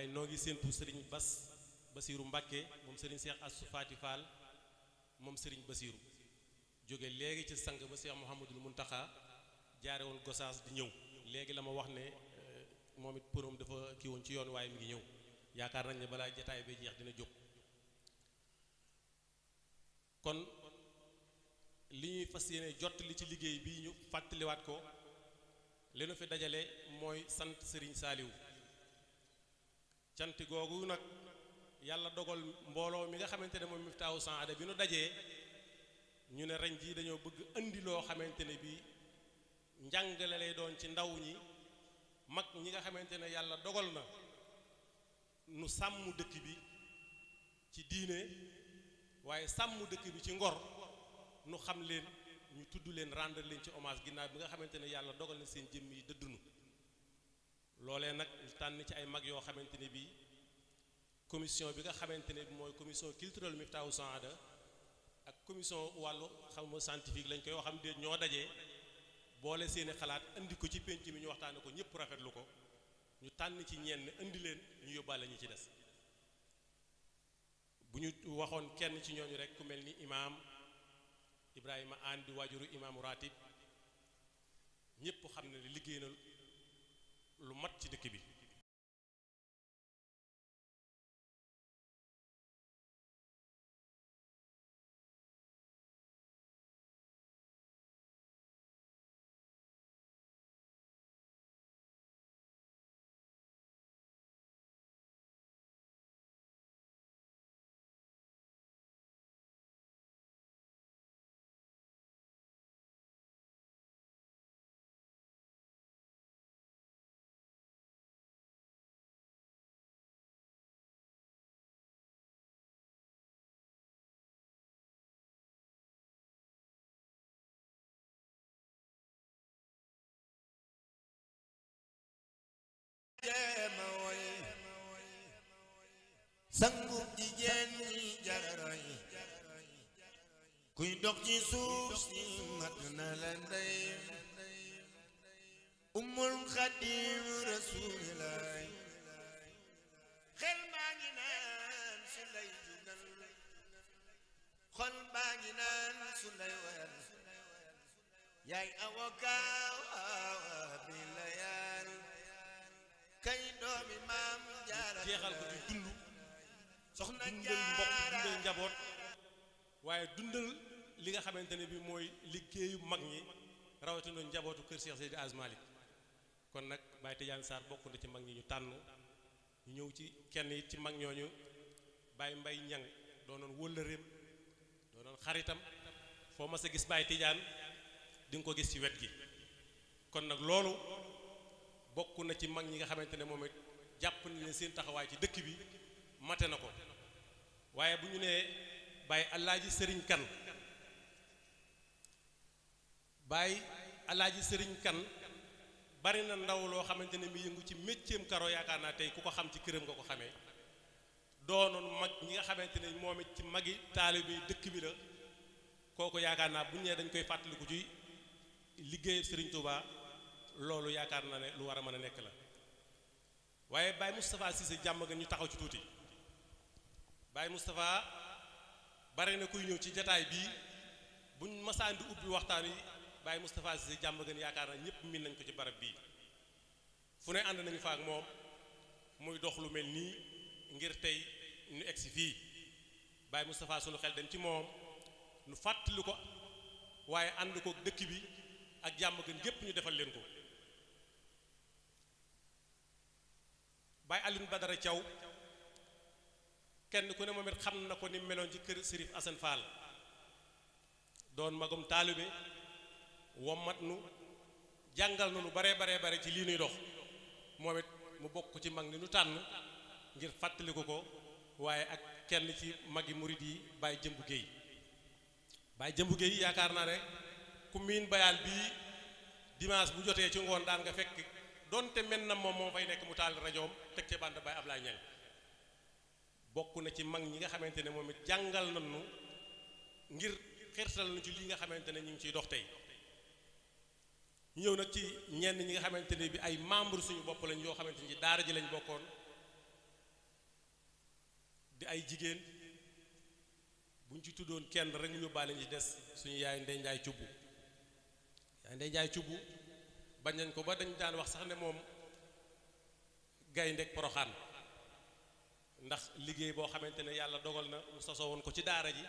waaye noo ngi séentu sëriñ Bas Basiiru Mbàkke moom sëriñ Seex Asu Faati Faal moom sëriñ Basiiru jóge léegi ci sang ba Seex mun Muntaxa jaare woon Gosaas di ñëw léegi la ma wax ne euh, moom it pënoom dafa kii ci yoon waaye mi ngi ñëw yaakaar nañ ne balaa jataay bi jeex dina jóg kon li ñuy fas yéene jot li ci liggéey bi ñu fàttaliwaat ko leenu fi dajale mooy sant sëriñ Saaliwu cant googu nag yàlla dogal mbooloo mi nga xamante ne mooy Miftahou Sahada bi nu dajee ñu ne reñ jii dañoo bëgg indi loo xamante ne bii njàngale lay doon ci ndaw ñi mag ñi nga xamante ne yàlla dogal na nu sàmm dëkk bi ci diine waaye sàmm dëkk bi ci ngor nu xam leen ñu tudd leen rendre leen ci hommage ginnaaw bi nga xamante ne yàlla dogal na seen jëmm yi dëdd loolee nag ñu tànn ci ay mag yoo xamante ne bii commission bi nga xamante ne bi mooy commission culturelle Miftahoul Sahada ak commission wàllu xam scientifique lañ koy waxam de ñoo dajee boole seeni xalaat indi ko ci penc mi ñu waxtaane ko ñëpp rafetlu ko ñu tànn ci ñenn indi leen ñu yóbbaale ñi ci des bu ñu waxoon kenn ci ñooñu rek ku mel ni imaam Ibrahima Anne di waajuru imaamu ratib ñëpp xam ne liggéey na lu mat ci dëkk bi jéema woy sangub jigéen ñi jararoy kuy dox ci suuf si mat na la ndey umul xadim rasulilaay xel baa ngi naan su lay jugal xol baa ngi naan su lay wayal yaay avocat bi la yaal kay doomi maam jaara jeexal ko ci dund soxna dundal li nga xamante ne bi mooy liggéeyu mag ñi rawatina njabootu kër Cheikh Seydi Hadj Malick kon nag Baye Tidiane Sarr bokk na ci mag ñi ñu tànn ñu ñëw ci kenn it ci mag ñooñu Baye Mbaye Niang doonoon wëllëreem doonoon xaritam foo ma sa gis Baye Tidiane di ko gis ci wet gi kon nag loolu bokk na ci mag ñi nga xamante ne moom it jàpp na leen seen taxawaay ci dëkk bi mate na ko waaye bu ñu nee bàyyi alaaji sëriñ kan bàyyi alaaji sëriñ kan bari na ndaw loo xamante ne mi yëngu ci mécceem karo yaakaar naa tey ku ko xam ci këram nga ko xamee doonoon mag ñi nga xamante ne moom it ci magi taalibe yi dëkk bi la kooku yaakaar naa bu ñu nee dañ koy fàttaliku ci liggéey sëriñ Touba. loolu yaakaar na ne lu war a mën a nekk la waaye Baye si Cissé jàmm gën ñu taxaw ci tuuti Baye Moustapha bare na kuy ñëw ci jataay bii buñ masaan di ubbi waxtaan yi Baye Moustapha Cissé jàmm gën yaakaar na ñëpp miin nañ ko ci barab bii fu ne ànd nañu fa ak moom muy dox lu mel nii ngir tey ñu egsi fii Baye Moustapha sunu xel dem ci moom nu fàttali ko waaye ànd ko dëkk bi ak jàmm gën gépp ñu defal leen ko Baye alin Badara Thiaw kenn ku ne moom xam na ko ni meloon ci kër Sërif Assane Fall doon magum taalibe womat nu jàngal na lu bare bare bare ci lii nuy dox moom it mu bokk ci mag ni lu tànn ngir fàttaliku ko waaye ak kenn ci magi murid yi Baye Jëmbu Géey Baye Jëmbu Géey yaakaar naa ne ku miin bayaal bii dimanche bu jotee ci ngoon daan nga fekk donte men na moom moo fay nekk mu taal rajoom teg ca bande bay Ablaye Niang bokk na ci mag ñi nga xamante ne moom it jàngal nañu ngir xirtal nu ci lii nga xamante ne ñu ngi ciy dox tey ñu ñëw nag ci ñenn ñi nga xamante ne bi ay membre suñu bopp lañ yoo xamante ni daara ji lañ bokkoon di ay jigéen buñ ci tuddoon kenn rek ñu yóbbaale ñu des suñu yaay Ndey Njaay Cubb yaay Ndey Njaay Cubb bañ nañ ko ba dañ daan wax sax ne moom gaynde ak poroxaan ndax liggéey boo xamante ne yàlla dogal na mu sosoo woon ko ci daara ji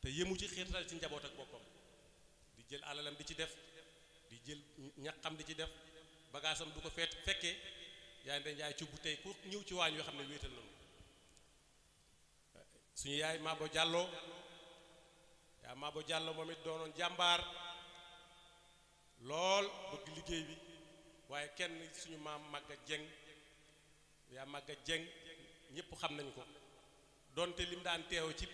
te yëmu ci xiirtal ci njaboot ak boppam di jël alalam di ci def di jël ñaxam di ci def bagaasam du ko feet fekkee yaay dañ yaay ci bu tey ku ñëw ci waañ yoo xam ne wéetal nañu suñu yaay Mabo Diallo yaa Mabo jàlloo moom it doonoon jàmbaar lool bëgg liggéey bi waaye kenn suñu maam Maga Jeng yaa Maga Jeng ñëpp xam nañu ko donte lim daan teew ci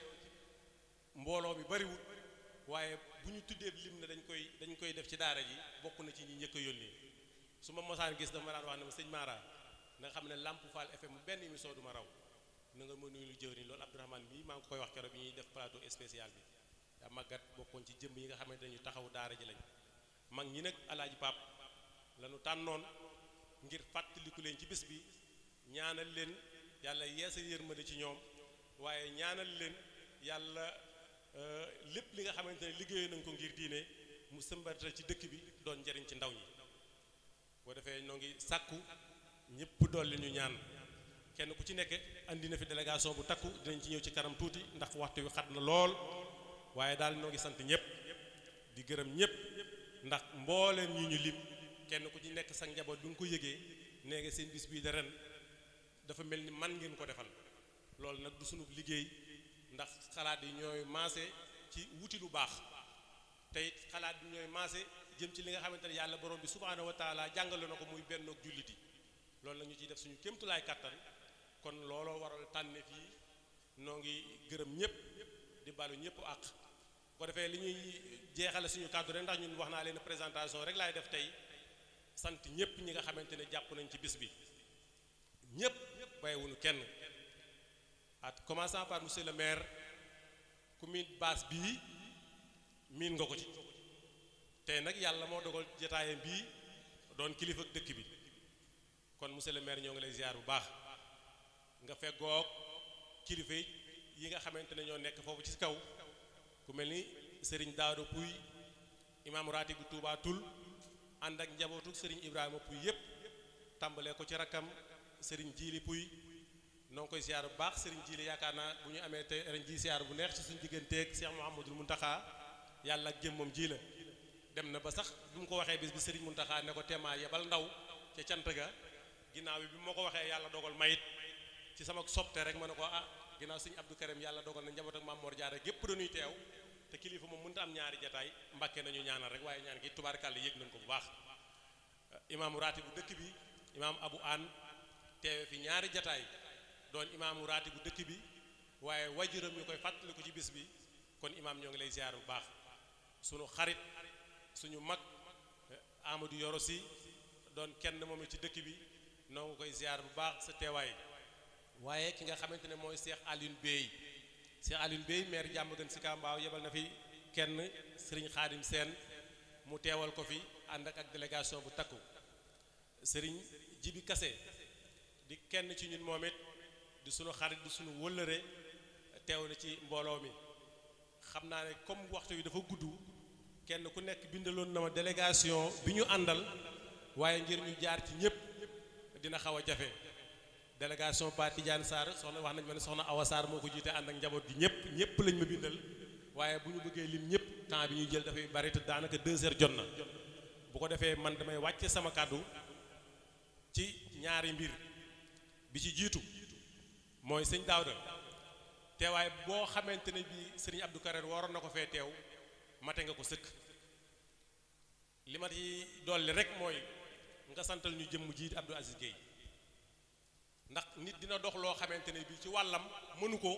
mbooloo mi bariwul waaye bu ñu tuddee lim ne dañ koy dañ koy def ci daara ji bokk na ci ñi njëkk yónnee su ma mosaan gis dama daan wax ne ma sëñ Mara na xam ne Lamp Fall FM benn émission du ma raw na nga ma nuyu lu jëw ni loolu Abdourahmane bii maa ngi koy wax keroog bi ñuy def plateau spécial bi yaa màggat bokkoon ci jëmm yi nga xamante ne ñu taxaw daara ji lañ mag ñi nag alaaji pàpp lañu tànnoon ngir fàttaliku leen ci bis bi ñaanal leen yàlla yeesa yërmande ci ñoom waaye ñaanal leen yàlla euh, lépp li nga xamante ne liggéey nañ ko ngir diine mu sëmbatal ci dëkk bi doon njariñ ci ndaw ñi boo defee noo ngi sàkku ñëpp dolli ñu ñaan kenn ku ci nekk indi na fi délégation bu takku dinañ ci ñëw ci kanam tuuti ndax waxtu wi xat na lool waaye daal noo ngi sant ñëpp di gërëm ñëpp ndax mbooleem ñi ñu lim kenn ku ci nekk sa njaboot du nga ko yëgee nee nga seen bis bii dara dafa mel ni man ngeen ko defal loolu nag du sunub liggéey ndax xalaat yi ñooy maase ci wuti lu baax tey xalaat yi ñooy maase jëm ci li nga xamante ne yàlla borom bi subhaanahu wa taala jàngale na ko muy benn ak jullit yi loolu la ñu ciy def suñu kémtulaay kàttan kon looloo waral tànne yi noo ngi gërëm ñëpp di balu ñëpp àq ko defee li ñuy jeexale suñu kàddu rek ndax ñun wax naa leen présentation rek laay def tey sant ñëpp ñi nga xamante ne jàpp nañ ci bis bi ñëpp bàyyiwuñu kenn at commençant par monsieur le maire ku miin baas bii miin nga ko ci tey nag yàlla moo dogal jataayam bii doon kilifa dëkk bi kon monsieur le maire ñoo ngi lay ziar bu baax nga feggoog kilifa yi nga xamante ne ñoo nekk foofu ci kaw ku mel ni sëriñ Daado Puy imaam bu Touba Toul ànd ak njabootu sëriñ Ibrahima Puy yépp tàmbalee ko ci rakkam sëriñ Jiili Puy noo ngi koy siyaar bu baax sëriñ Jiili yaakaar naa bu ñu amee te ren ji siyaar bu neex ci suñu digganteeg Cheikh Mouhamadul Muntaxa yàlla ak jëmmam ji la dem na ba sax bi mu ko waxee bis bi sëriñ Muntaxa ne ko temaa yebal ndaw ca cant ga ginnaaw bi bi moo ko waxee yàlla dogal mayit ci sama sobte rek ma ne ko ah ginnaaw sëriñ Abdou Karim yàlla dogal na njaboot ak Maam Mor Jaara gépp dañuy te kilifa moom mënta am ñaari jataay mbàkke nañu ñaanal rek waaye ñaan gi tubaarkàlla yéeg nañ ko bu baax imaamu raati bu dëkk bi imaam abu an teewe fi ñaari jataay doon imaamu raati bu dëkk bi waaye wajuram ñu koy fàttaliku ci bis bi kon imaam ñoo ngi lay ziar bu baax sunu xarit suñu mag Amadou Yoro Sy doon kenn moom ci dëkk bi noo ngi koy ziar bu baax sa teewaay waaye ki nga xamante ne mooy Cheikh Alioune Bey Cheikh Alioune Bey maire Diamaguène Sicap Mbao yebal na fi kenn Serigne Khadim seen mu teewal ko fi ànd ak ak bu takku Serigne Jibi kase di kenn ci ñun moom di sunu xarit di suñu wëllëre teew na ci mbooloo mi xam naa ne comme waxtu wi dafa gudd kenn ku nekk bindaloon na ma délégation bi ñu àndal waaye ngir ñu jaar ci ñëpp dina xaw a jafe délégation Pa saar Sarr soxna wax nañ ma ne soxna Awa Sarr moo ko jiite ànd ak njaboot gi ñëpp ñëpp lañ ma bindal waaye bu ñu bëggee lim ñëpp temps bi ñuy jël dafay bari te daanaka deux heures jot na bu ko defee man damay wàcce sama kàddu ci ñaari mbir bi ci jiitu mooy sëñ Daawda teewaay boo xamante ne bi sëriñ Abdou Karim waroon na ko fee teew mate nga ko sëkk li ma ci dolli rek mooy nga santal ñu jëmm jiit Abdou Aziz Guèye ndax nit dina dox loo xamante ne bii ci wàllam mënu ko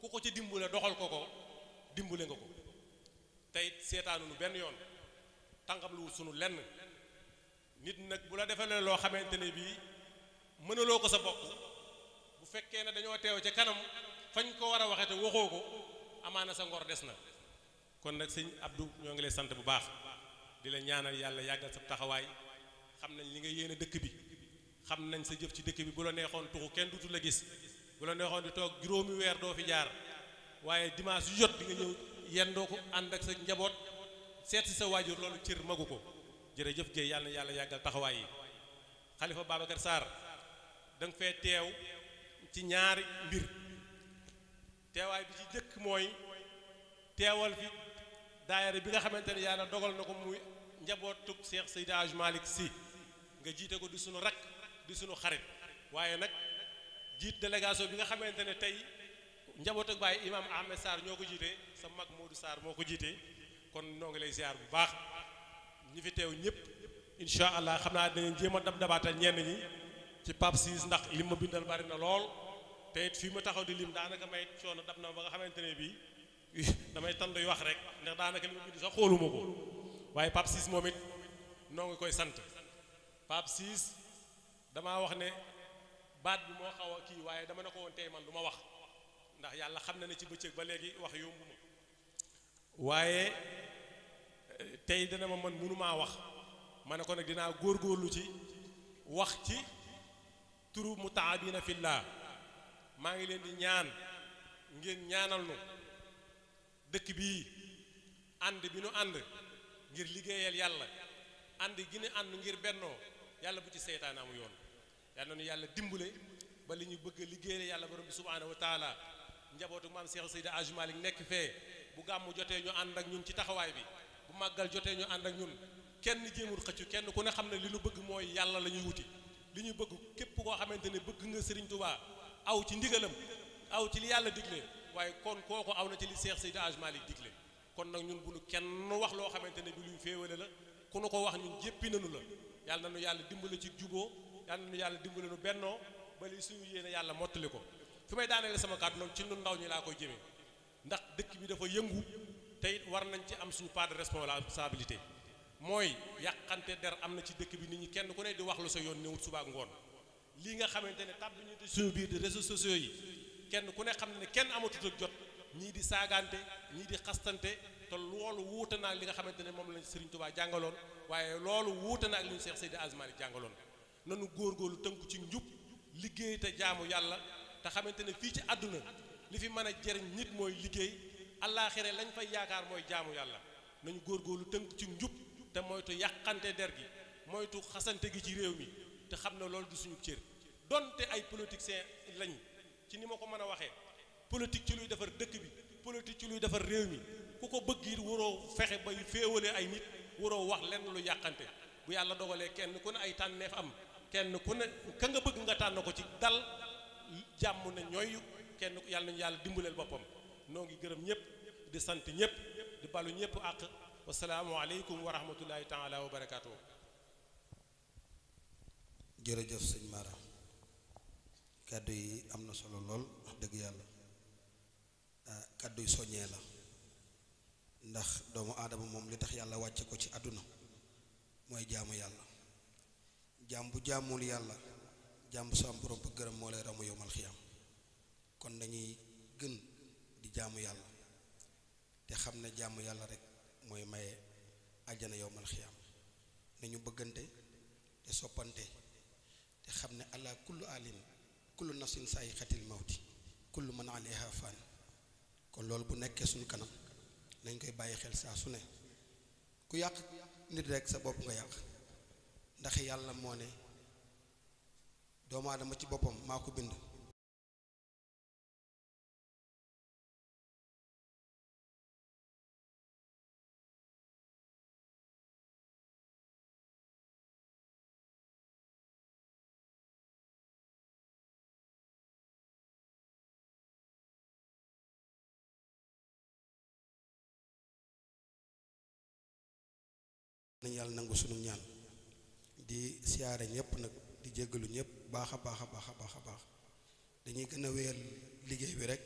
ku ko ci dimbale doxal ko ko dimbale nga ko tey lu benn yoon tàngam lu sunu lenn nit nag bu la defalee loo xamante ne bii mënaloo ko sa bopp bu fekkee ne dañoo teew ca kanam fañ ko war a waxee te waxoo ko amaana sa ngor des na kon nag sëñ abdu ñoo ngi lay sant bu baax di la ñaanal yàlla yàggal sa taxawaay xam nañ li nga yéene dëkk bi xam nañ sa jëf ci dëkk bi bu la neexoon tuxu kenn dutu la gis bu la neexoon di toog juróomi weer doo fi jaar waaye dimanche yu jot di nga ñëw ko ànd ak sa njaboot seet si sa waajur loolu cër magu ko jërëjëf Guèye yàlla yàlla yàggal taxawaay yi xalifa Babacar Sarr da fee teew ci ñaari mbir teewaay bi ci njëkk mooy teewal fi daayira bi nga xamante ne yàlla dogal na ko muy njabootug Cheikh Seydi Hadj Malick Sy nga jiite ko di sunu rakk di sunu xarit waaye nag jiit délégation bi nga xamante ne tey njaboot ak bàyyi imaam Ahmed Sarr ñoo ko jiite sa mag Modou Sarr moo ko jiite kon noo ngi lay ziar bu baax ñi fi teew ñëpp incha allah xam naa dinañ jéem a dab dabaatal ñenn ñi ci Pape Ciss ndax lim ma bindal bari na lool te it fii ma taxaw di lim daanaka may coono dab na ba nga xamante ne bii damay tanduy wax rek ndax daanaka li ma bind sax xooluma ko waaye Pape Ciss moom it noo ngi sant damaa wax ne baat bi moo xaw a kii waaye dama ne ko woon tey man lu ma wax ndax yàlla xam na ne ci bëccëg ba léegi wax yombu waaye eh, tey dana ma man mënumaa wax ma ne ko nag dinaa góor góorlu ci wax ci turu mutaabina fillah maa ngi leen di ñaan ngeen ñaanal nu dëkk bii ànd bi nu ànd ngir liggéeyal yàlla ànd gi nu ànd ngir bennoo yàlla bu ci seytaan yoon yàlla na ñu yàlla dimbale ba li ñu bëgg a liggéeyal yàlla borom bi subhaanahu wa taala njabootu maam Cheikh Seydi Hadji Malick nekk fee bu gàmmu jotee ñu ànd ak ñun ci taxawaay bi bu màggal jotee ñu ànd ak ñun kenn jéemul xëccu kenn ku ne xam ne li ñu bëgg mooy yàlla la ñuy wuti li ñu bëgg képp koo xamante ne bëgg nga Serigne Touba aw ci ndigalam aw ci li yàlla digle waaye kon kooku aw na ci li Cheikh Seydi Hadji Malick digle kon nag ñun bu nu kenn wax loo xamante ne bi luy féewale la ku nu ko wax ñun jéppi nanu la yàlla na nu ci juboo yàlla nu yàlla dimbale nu bennoo ba li suñu yéene yàlla mottali ko fi may daaneele sama kàddu ci ñun ndaw ñi laa koy jëmee ndax dëkk bi dafa yëngu te it war nañ ci am suñu part de responsabilité mooy yàqante der am na ci dëkk bi nit ñi kenn ku ne di wax lu sa yoon newut suba ak ngoon lii nga xamante ne tàbbi ñu te suñu biir di réseaux sociaux yi kenn ku ne xam ne kenn amatut ak jot ñii di saagante ñii di xastante te loolu wuute naa ak li nga xamante ne moom lañ Serigne Touba jàngaloon waaye loolu wuute na ak li ñu Cheikh Seydi jàngaloon nanu góor góor lu tënku ci njub liggéey te jaamu yàlla te xamante ne fii ci àdduna li fi mën a jëriñ nit mooy liggéey allaaxire lañ fay yaakaar mooy jaamu yàlla góor góor lu tënk ci njub te moytu yàqante der gi moytu xasante gi ci réew mi te xam ne loolu di suñu cër donte ay politiciens lañ ci ni ma ko mën a waxee politique ci luy defar dëkk bi politique ci luy defar réew mi ku ko bëgg it waroo fexe bay féewale ay nit waroo wax lenn lu yàqante bu yàlla dogalee kenn ku ne ay tànneef am kenn ku ne ka nga bëgg nga tànn ko ci dal jàmm ne ñooyu kenn yàlla nañu yàlla dimbaleel boppam noo ngi gërëm ñëpp di sant ñëpp di balu ñëpp àq wasalaamualeykum wa rahmatullahi taala wa barakaatu. jërëjëf sëñ Mara kàddu yi am na solo lool wax dëgg yàlla ah, kàddu yi soññee la ndax doomu aadama moom li tax yàlla wàcce ko ci àdduna mooy jaamu yàlla jaam bu jaamul yàlla jaam bu sa am ba gërëm moo lay ramu yowmal xiyam kon dañuy gën di jaamu yàlla te xam ne jaamu yàlla rek mooy maye àjjana yowmal xiyam nañu bëggante te soppante te xam ne allah kullu alin kullu nafsin saay xatil mawti kullu man alayha fan kon loolu bu nekkee suñu kanam nañ koy bàyyi xel saa su ne ku yàq nit rek sa bopp nga yàq ndax yàlla moo ne doomu aadama ci boppam maa ko bind nañ yàlla nangu sunu ñaan di siyaare ñëpp nag di jéggalu ñëpp baax a baax a baax a baax a baax dañuy gën a wéyal liggéey bi rek